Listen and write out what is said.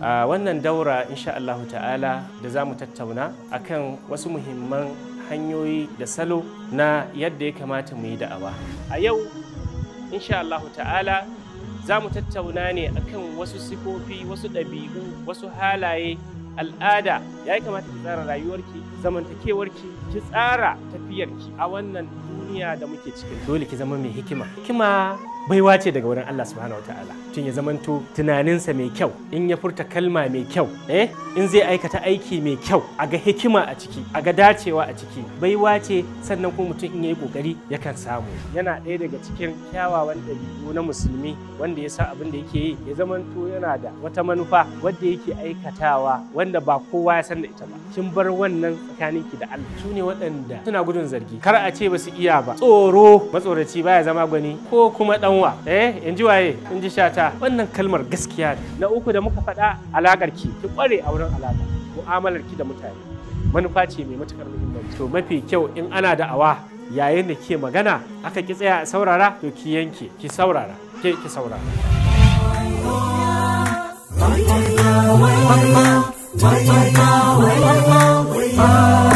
a wannan daura insha Allahu ta'ala da za mu tattauna akan wasu muhimman hanyoyi da salo na yadda ya kamata mu yi da'awa a yau insha Allahu ta'ala za mu tattauna ne akan wasu sifofi wasu ɗabi'u wasu halaye al'ada ya kamata ki tsara rayuwarki zamantakewarki ki tsara tafiyarki a wannan duniya duniya da muke ciki dole ki zama mai hikima hikima baiwa ce daga wurin Allah subhanahu wataala tun ya zamanto tunaninsa mai kyau in ya furta kalma mai kyau eh in zai aikata aiki mai kyau a ga hikima a ciki a ga dacewa a ciki baiwa ce sannan kuma mutum in ya yi kokari yakan samu yana ɗaya daga cikin kyawawan ɗabi'u na musulmi wanda ya sa abin da yake yi ya zamanto yana da wata manufa wadda yake aikatawa wanda ba kowa ya san da ita ba kin bar wannan tsakaninki da Allah su ne waɗanda suna gudun zargi kar a ce ba su iya ba tsoro matsoraci baya zama gwani ko kuma danwa eh in ji waye in ji shata wannan kalmar gaskiya ne na uku da muka faɗa alakar ki ki kware a wurin alaka mu'amalar ki da mutane manufa ce mai matukar muhimmanci to mafi kyau in ana da awa yayin da ke magana aka ki tsaya saurara to ki yanke ki saurara ke ki saurara bye bye bye bye bye bye bye bye bye bye b